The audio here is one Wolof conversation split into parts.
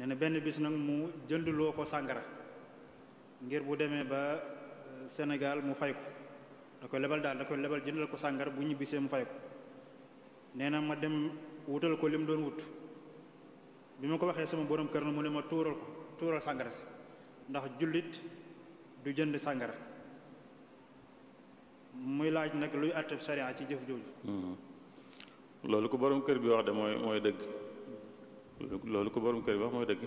nee na benn bis nag mu jëndloo ko sàngara ngir bu demee ba euh, Sénégal mu fay ko da koy lebal daal da koy lebal jëndal ko sàngara bu ñibbisee mu fay ko nee na ma dem wutal ko li mu doon wut bi ma ko waxee sama borom kër na mu ne ma tuural ko tuural sàngara si ndax jullit du jënd sàngara muy laaj nag luy àtte sharia ci jëf jooju hmm. loolu ko borom kër bi wax de mooy dëgg loolu ko borom kër wax mooy dëgg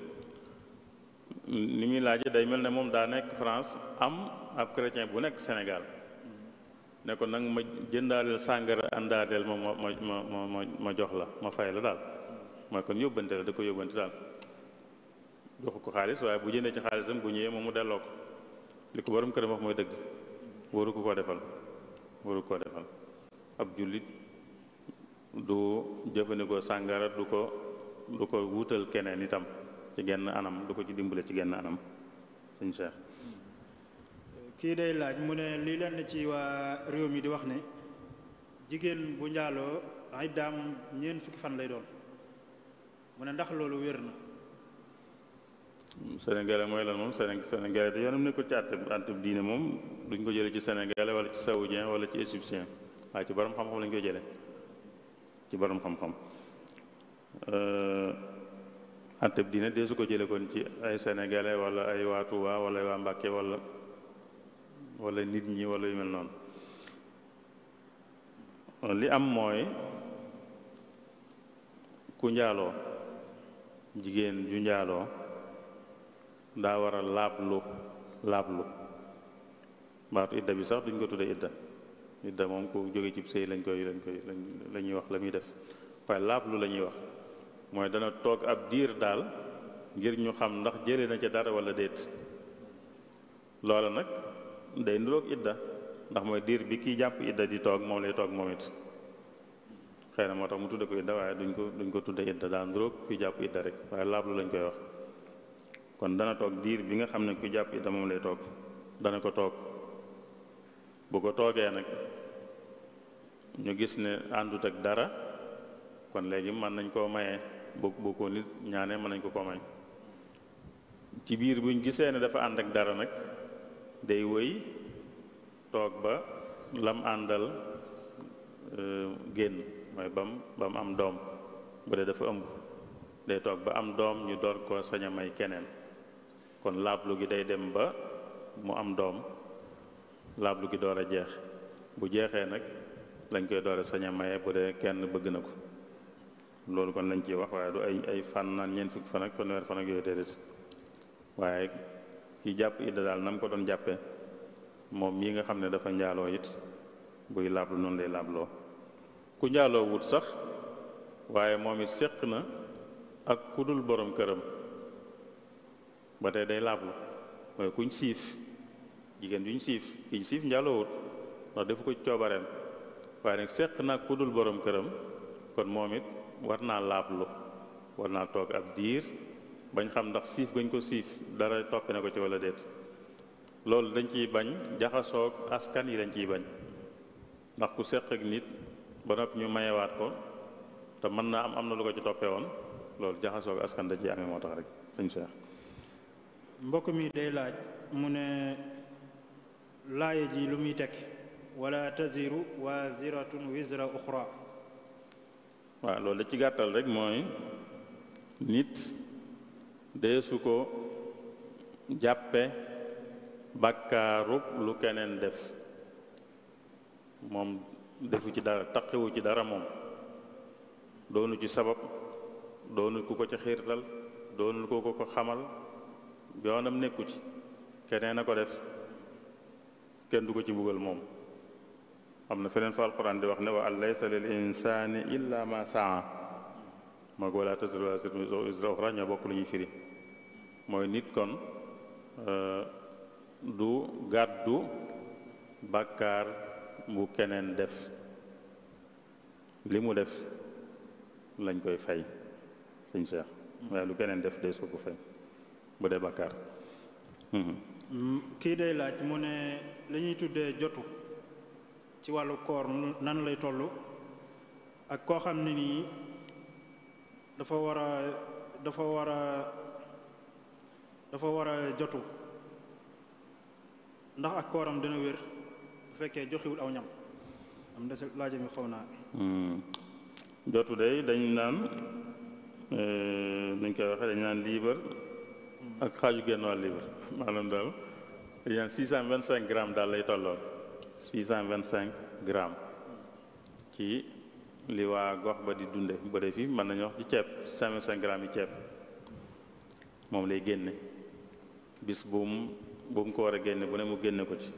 ni muy laaj day mel ne moom daa nekk France am ab chrétien bu nekk Sénégal ne ko nag ma jëndaaleel sàngara àndaadeel ma ma ma ma ma jox la ma fay la daal mooy kon yóbbante la da ko yóbbante daal joxu ko xaalis waaye bu jëndee ci xaalisam bu ñëwee moom mu delloo ko li ko borom këram wax mooy dëgg waru ko koo defal waru koo defal ab jullit du jëfandikoo sàngara du ko du ko wutal keneen itam ci genn anam du ko ci dimbale ci genn anam suñ Cheikh kii day laaj mu ne lii lenn ci waa réew mi di wax ne jigéen bu njaaloo ay daam ñeent fukki fan lay doon mu ne ndax loolu wér na sénégalais mooy lan moom sénégalais te ne ko ci àtte àtte diine moom duñ ko jële ci sénégalais wala ci saoudien wala ci égyptien waaye ci borom xam-xam lañ koy jële ci borom xam-xam Euh, ante atteb dina dee su ko jële kon ci ay sénégalais walla ay waatuwaa Touba wala ay waa Mbàkke wala wala nit ñi walla yu mel noonu li am mooy ku njaaloo jigéen ju njaaloo daa war a laablu laablu baatu idda bi sax duñ ko tuddee idda idda moom ku jóge cib sëy lañ koy lañ koy la ñuy wax la muy def waaye laablu la lañuy wax mooy dana toog ab diir daal ngir ñu xam ndax jëlee na ca dara wala déet loola nag day nuroog idda ndax mooy diir bi kiy jàpp idda di toog moom lay toog moom it xay na moo tax mu tudde ko idda waaye duñ ko duñ ko tudde idda daa nuroog kuy jàpp idda rek waaye laablu lañ koy wax kon dana toog diir bi nga xam ne kuy jàpp idda moom lay toog dana ko toog bu ko toogee nag ñu gis ne àndut ak dara kon léegi mën nañ koo maye boo bokkoo nit ñaane mën nañ ko ko may ci biir buñ gisee ne dafa ànd ak dara nag day wëy toog ba lam àndal euh, génn mooy bam ba am doom bu dee dafa ëmb day toog ba am doom ñu door ko sañ a may keneen kon laablu gi day dem ba mu am doom laablu gi door a jeex bu jeexee nag lañ koy door a sañ a maye bu dee kenn bëgg na ko loolu kon lañ ciy wax waaye du ay ay fan naan ñeent fukki fan ak fanweer fan ak yooyu déedéet waaye ki jàpp idda daal na mu ko doon jàppe moom mii nga xam ne dafa njaaloo it buy laablu noonu lay laabloo ku njaaloo wut sax waaye moom it séq na ak ku dul borom këram ba tey day laablu mooy kuñ siif jigéen juñ siif kiñ siif njaaloo wut ndax defu ko coobareem waaye nag séq na ak ku borom këram kon moom it war naa laablu war naa toog ab diir bañ xam ndax siif gañ ko siif dara topp na ko ci walla déet loolu dañ ciy bañ jaxasook askan yi dañ ciy bañ ndax ku seq ak nit ba noppi ñu mayewaat ko te mën naa am am na lu ko ci toppee woon loolu jaxasoog askan da ciy amee moo tax rek sëñ Cheikh mbokk mi day laaj mu ne laaye ji lu muy tekki wala taziru waziratun wizra uxra waaw loolu ci gàttal rek mooy nit deesu ko jàppe bàkkaaru lu keneen def moom defu ci dara taqiwu ci dara moom doonu ci sabab doonu ku ko ci xiirtal doonu ko ko ko xamal yoonam nekku ci keneen a ko def kenn du ko ci buggal moom am na feneen fa alquran di wax ne wa an laysa lil insani illa ma saa maag wala taziru waziratun wizra uxra ñoo bokk lu ñuy firi mooy nit kon euh, du gàddu bàkkaar bu keneen def li mu def lañ koy fay sëñ Cheikh waaye lu keneen def day soo ko fay bu dee bàkkaar hmm, kii day laaj mu ne lañuy tuddee jotu ci wàllu koor nan lay toll ak koo xam ne nii dafa war a dafa war a dafa war a jotu ndax ak kooram dina wér bu fekkee joxiwul aw ñam am des mi xaw naa hmm. jotu day dañ naan dañ eh, koy waxee dañ naan liibar ak xaaju genn wàll liibar maanaam daal dañ naan six cent vingt-cinq grammes daal lay tolloon 625 grammes ci li waa gox ba di dunde bëre fi mën nañu wax ci ceeb 625 grammes yi ceeb moom lay génne bis bu mu bu mu ko war a génne bu ne mu génne ko ci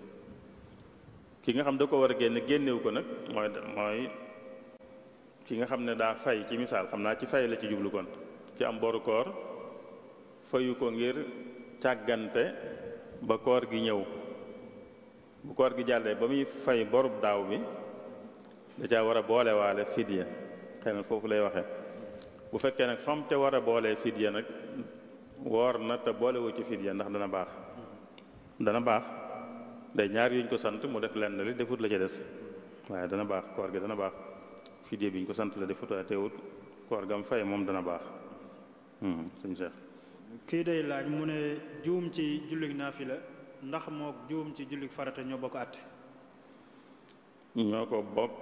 ki nga xam da ko war a génne génnewu ko nag mooy mooy ki nga xam ne daa fay ci misaal xam naa ci fay la ci jublu kon ci am boru koor fayu ko ngir càggante ba koor gi ñëw bu koor gi jàllee ba muy fay borub daaw bi da caa war a boolewaale fidya xëy na foofu lay waxe bu fekkee nag fam ca war a boolee fidya nag woor na te boolewu ci fidya ndax dana baax dana baax day ñaar yuñ ko sant mu def lenn li defut la ca des waaye dana baax koor gi dana baax fidya bi ñu ko sant la defut waaye teewut koor gam fay moom dana baax hmm, suñ seex kii day laaj mu ne juum ci jullig naafila ndax moo juum ci jullik farata ñoo bokk àtte ñoo ko bokk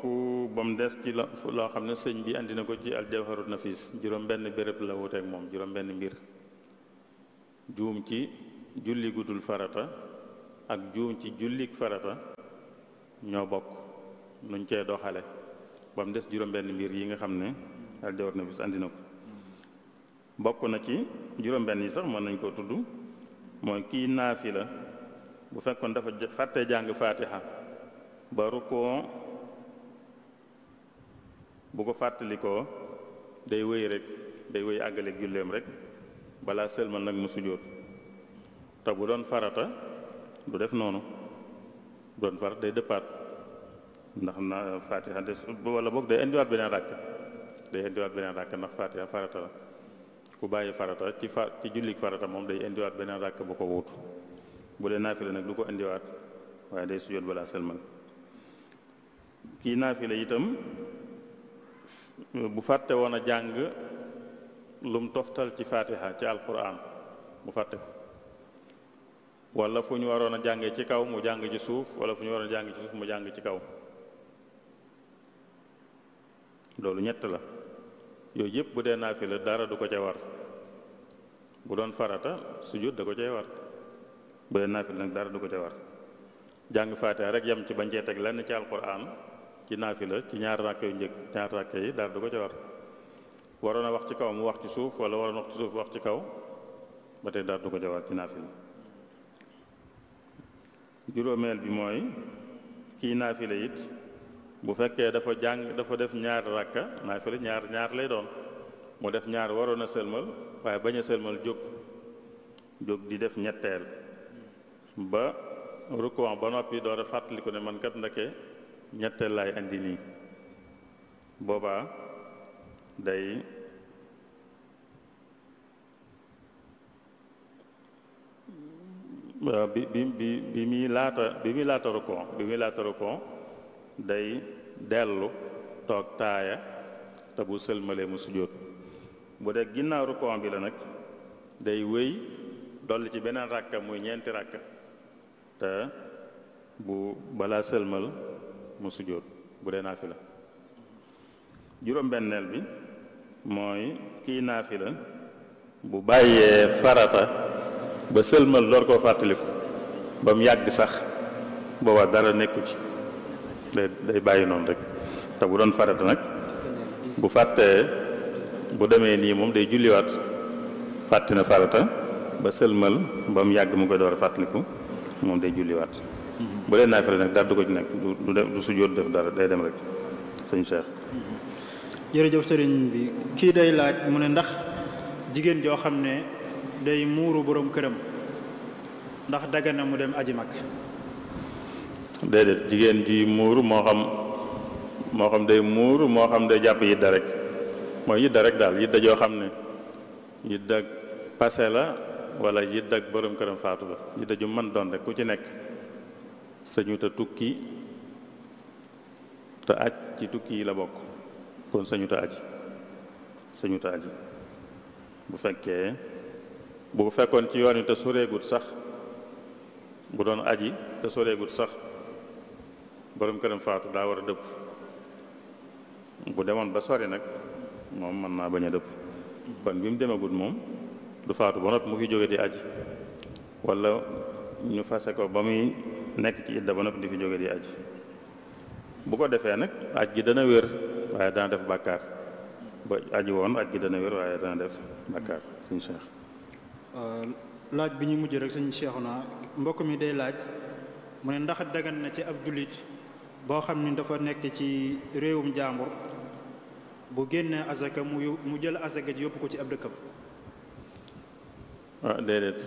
ba mu des ci la loo xam ne sëñ bi indi na ko ci aljawharun nafis juróom benn béréb la wuteek moom juróom benn mbir ci julli farata ak juum ci jullik farata ñoo bokk nuñ cee doxale ba des juróom mbir yi nga xam ne aljawharun nafis andi na ko bokk na ci juróom benn yi sax mën nañ koo tudd mooy kii naafi la bu fekkoon dafa fàtte jàng faatiha ba rukkoo bu ko fàttalikoo day wéy rek day wéy àggaleeg julleem rek balaa sëlmal nag mu sujjóot te bu doon farata du def noonu bu doon farata day dëppaat ndax na faatiha des wala boog day indiwaat beneen ràkk day indiwaat beneen ràkk ndax faatiha farata la ku bàyyi farata ci fa ci jullik farata moom day indiwaat beneen ràkk bu ko wuutu bu dee naafila nag du ko indiwaat waaye day sujjóot balaa sëlmal kii naafila itam bu fàtte woon a jàng lum toftal ci faatiha ci alquran mu fàtte ko wala fu ñu waroon a jàngee ci kaw mu jàng ci suuf wala fu ñu waroon a jàng ci suuf mu jàng ci kaw loolu ñett la yooyu yëpp bu dee la dara du ko ca war bu doon farata sujjóot da ko cay war bu dee naafil nag dara du ko ca war jàng faatiha rek yem ci bañ cee teg lenn ci alquran ci la ci ñaar ràkk yu njëkk ñaar ràkk yi dara du ko ca war waroon wax ci kaw mu wax ci suuf wala waroon a wax ci wax ci kaw ba tey du ko ca war ci naafila juróomeel bi mooy kii la it bu fekkee dafa jàng dafa def ñaar ràkka naafila ñaar ñaar lay doon mu def ñaar waroon a sëlmal waaye bañ a sëlmal jóg jóg di def ñetteel ba rukkoo ba noppi doo a fàttaliku ne man kat ndake ñetteel laay andi nii boobaa day bi bi bi bi muy laata bi muy laata rukkoo bi muy laata rukkoo day dellu toog taaya te bu sëlmalee mu sujjóot bu dee ginnaaw rukkoo bi la nag day wéy dolli ci beneen ràkka muy ñeenti ràkka te bu balaa sëlmal mu sujjóot bu dee naafila juróom-benneel bi mooy kii la bu bàyyee farata ba sëlmal door koo fàttaliku ba mu yàgg sax boobaa dara nekku ci day day bàyyi noonu rek te bu doon farata nag bu fàttee bu demee nii moom day julliwaat fàtti na farata ba sëlmal ba mu yàgg mu koy door a fàttaliku moom day julliwaat. bu dee naafila nag daal du ko ci nekk du sujjóot def dara day dem rek sëñ Cheikh. jërëjëf sëriñ bi kii day laaj mu ne ndax jigéen joo xam ne day muuru boroom këram ndax dagana mu dem aji mag. déedéet jigéen ji muuru moo xam moo xam day muuru moo xam day jàpp yidda rek mooy yidda rek daal yidda joo xam ne yidda pase la. wala yidd ak borom këram faatu la yidda ju mën doon rek ku ci nekk sañu te tukki te aj ci tukki yi la bokk kon sañu te aji sañu te aji bu fekkee bu fekkoon ci yoon wi te soreegut sax bu doon aji te soree gut sax borom këram faatu daa war a dëpp bu demoon ba sori nag moom mën naa bañ a dëpp kon bi mu demagut moom du faatu ba noppi mu fi jóge di aj walla ñu fase ko ba muy nekk ci idda ba noppi di fi jóge di aj bu ko defee nag aj gi dana wér waaye dana def bàkkaar ba aj woon aj gi dana wér waaye dana def bàkkaar sëñ Cheikh euh, laaj bi ñu mujj rek suñ Cheikh naa mbokk mi day laaj mu ne ndax dagan na ci ab jullit boo xam ni dafa nekk ci réewum jàmbur bu génnee asaka mu mu jël asaka ji yóbbu ko ci ab dëkkam ah déedéet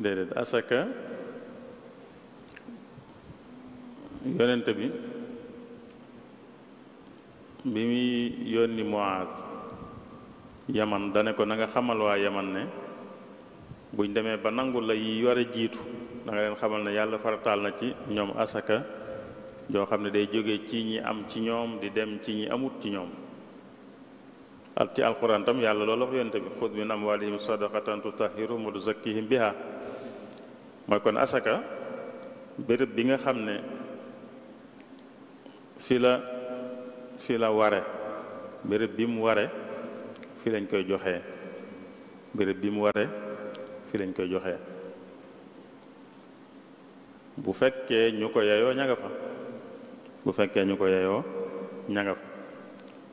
déedéet asaka yonent bi bi muy yónni Muaaz yaman dane ko na nga xamal waa yaman ne buñ demee ba nangu la yi war a jiitu da leen xamal na yàlla farataal na ci ñoom asaka yoo xam ne day jóge ci ñi am ci ñoom di dem ci ñi amut ci ñoom ak ci alquran tam yàlla loolu wax yonte bi xud min amwalihim sadaqatan tutahhiruhum wa tuzakkihim biha mooy kon asaka béréb bi nga xam ne fi la fi la ware béréb bi mu ware fi lañ koy joxee béréb bi mu ware fi lañ koy joxee bu fekkee ñu ko yeyoo ña nga fa bu fekkee ñu ko yeyoo ña nga fa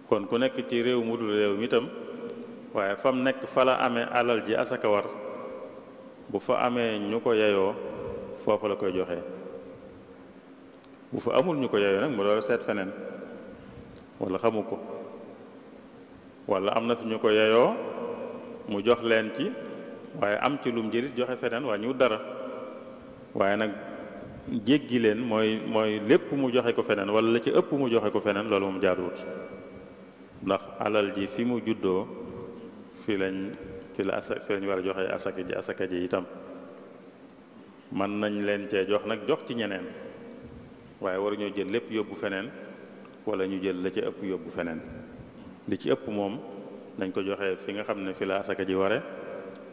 kon ku nekk ci réew mu dul réew mi itam waaye fam nekk fala amee alal ji asaka war bu fa amee ñu ko yayoo foofa la koy joxe bu fa amul ñu ko yayoo nag mu doon seet feneen wala xamu ko walla am na fi ñu ko yayoo mu jox leen ci waaye am ci lum jëlit joxe feneen waa ñu dara waaye nag jéggi leen mooy mooy lépp mu joxe ko feneen wala la ci ëpp mu joxe ko feneen loolu moom jaaduwut ndax alal ji fi mu juddoo fi lañ fi la war joxe asaka ji asaka ji itam mën nañ leen cee jox nag jox ci ñeneen waaye waruñoo jël lépp yóbbu feneen walla ñu jël la ca ëpp yóbbu feneen li ci ëpp moom nañ ko joxe fi nga xam ne fi la asaka ji ware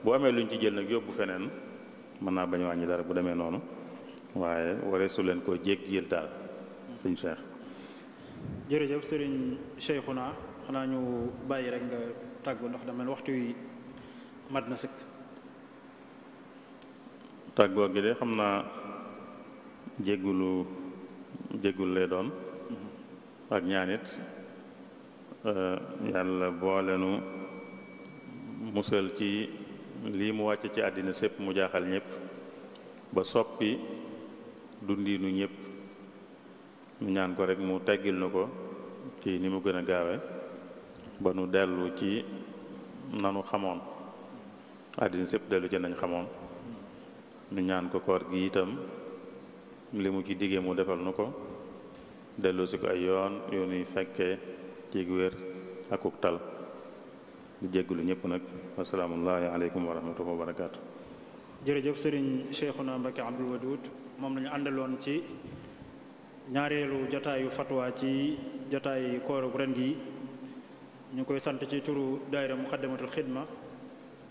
boo amee luñ ci jël nag yóbbu feneen mën naa bañ wàññi dara bu demee noonu waaye waree su leen koo jéeg jël daal sëñ Cheikh jërëjëf sëriñ Cheikhouna xanaa ñu bàyyi rek nga tàggu ndox dama waxtu yi mat na sëkk tàggoo gi de xam naa jéggulu jéggul lay doon mm-hmm. ak ñaanit eh, yàlla boole nu musal ci lii mu wàcc ci àddina sëpp mu jaaxal ñépp ba soppi dundinu ñépp ñaan ko rekk mu teggil nu ko ci ni mu gën a gaawe ba nu dellu ci nanu xamoon àddina sépp dellu ci nañ xamoon nu ñaan ko koor gi itam li mu ci diggee mu defal nu ko dellu ko ay yoon yu nuy fekkee ci wér ak uk tal di jéggulu ñëpp nag wasalaamullahi aleykum wa rahmatullahi wa barakaatu jërëjëf sëriñ Cheikhuna Mbacké Abdoul Wadoud moom lañu àndaloon ci ñaareelu jotaayu fatwa ci jotaayu kooru ren gi ñu koy sant ci turu daayira muxaddamatul xidma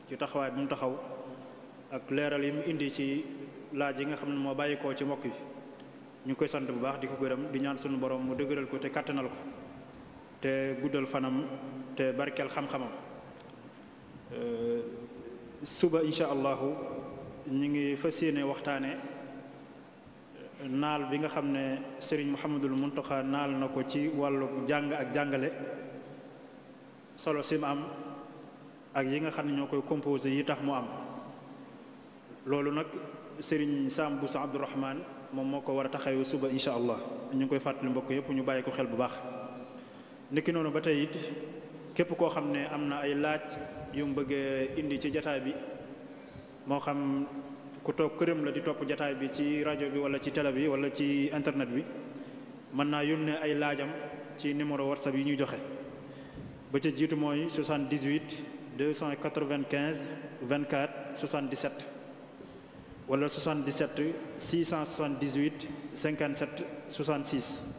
ci taxawaay bi mu taxaw ak leeral yi mu indi ci laaj yi nga xam ne moo bàyyi bàyyikoo ci mbokk yi ñu koy sant bu baax di ko gërëm di ñaan sunu borom mu dëgëral ko te kàttanal ko te guddal fanam te barkeel xam-xamam euh, suba incha allahu ñu ngi fas yéene waxtaane naal bi nga xam ne Serigne Mouhamadul Mountakha naal na ko ci wàllu jàng ak jàngale solo sim am ak yi nga xam ne ñoo koy composé yi tax mu am loolu nag Serigne Sam Bousso Abdourahman moom moo ko war a taxawee suba incha allah ñu ngi koy fàttali mbokk yëpp ñu bàyyi ko xel bu baax. niki noonu ba tey it képp koo xam ne am na ay laaj yu mu bëggee indi ci jataay bi moo xam ku toog këram la di topp jataay bi ci rajo bi wala ci tele bi wala ci internet bi mën naa ne ay laajam ci numéro whatsapp yi ñuy joxe. ba ca jiitu mooy 78 295 24 77 wala 77 678 57 66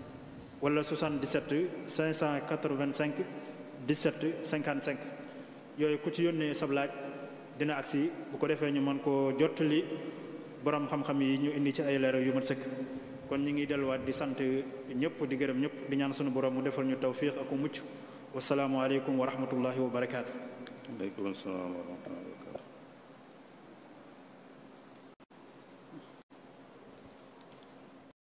wala 77 585 17 55 yooyu ku ci yónnee sab dina agsi bu ko defee ñu mën koo jottali borom xam-xam yi ñu indi ci ay leer yu mat sëkk kon ñu ngi delluwaat di sant ñëpp di gërëm ñëpp di ñaan sunu borom mu defal ñu tawfiix ak ku mucc wasalaamualeykum wa rahmatullahi wa barakaatu. waaleykum salaam wa rahmatulah.